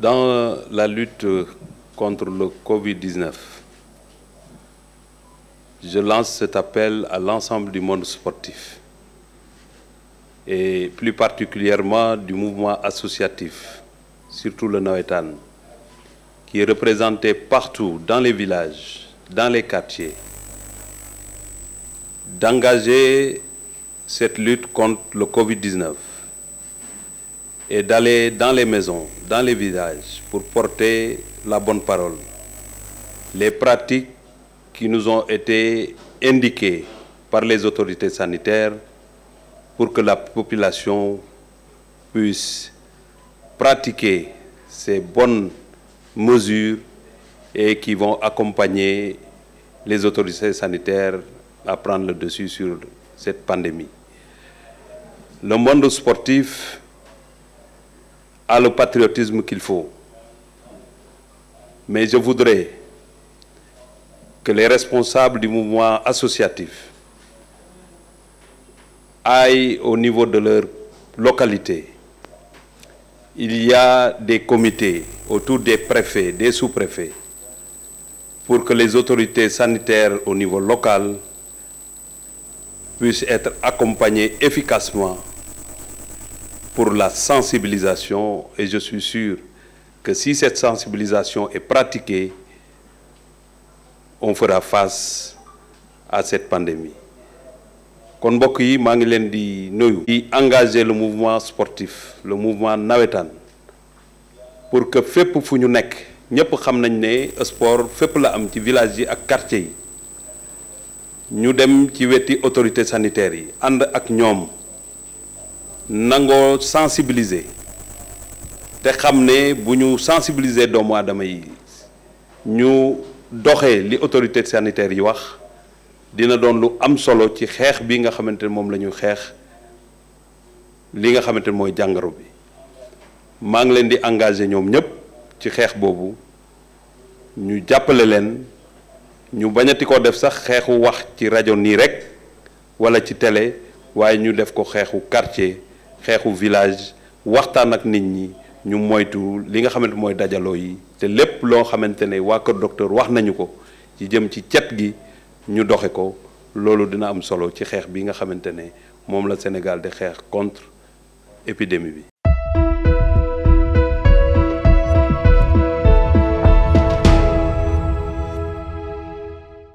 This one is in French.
Dans la lutte contre le Covid-19, je lance cet appel à l'ensemble du monde sportif et plus particulièrement du mouvement associatif, surtout le Noétan, qui est représenté partout, dans les villages, dans les quartiers, d'engager cette lutte contre le Covid-19 et d'aller dans les maisons, dans les villages, pour porter la bonne parole. Les pratiques qui nous ont été indiquées par les autorités sanitaires pour que la population puisse pratiquer ces bonnes mesures et qui vont accompagner les autorités sanitaires à prendre le dessus sur cette pandémie. Le monde sportif à le patriotisme qu'il faut. Mais je voudrais que les responsables du mouvement associatif aillent au niveau de leur localité. Il y a des comités autour des préfets, des sous-préfets, pour que les autorités sanitaires au niveau local puissent être accompagnées efficacement pour la sensibilisation et je suis sûr que si cette sensibilisation est pratiquée, on fera face à cette pandémie. kon mbokk yi maa le mouvement sportif le mouvement Nawetan, pour que fépp pour ñu nekk xam nañ sport fépp la am ci village yi ak quartier yi ñu dem ci autorités sanitaires ak nangoo sensibiliser te xam ne bu ñu sensibiliser doomu aadama yi ñu doxee li autorité sanitaire yi wax dina doon lu am solo ci xeex bi nga xamante ne moom la ñuy xeex li nga xamante ne mooy jàngaro bi maa ngi leen di engagé ñoom ñëpp ci xeex boobu ñu jàppale leen ñu bañati koo def sax xeexu wax ci rajo nii rek wala ci télé waaye ñu def ko xeexu quartier xeexu village waxtaan ak nit ñi ñu moytu li nga xamante mooy dajaloo yi te lépp loo xamante ne waa kër docteur wax nañu ko ci jëm ci cet gi ñu doxe ko loolu dina am solo ci xeex bi nga xamante ne moom la Sénégal di xeex contre épidémie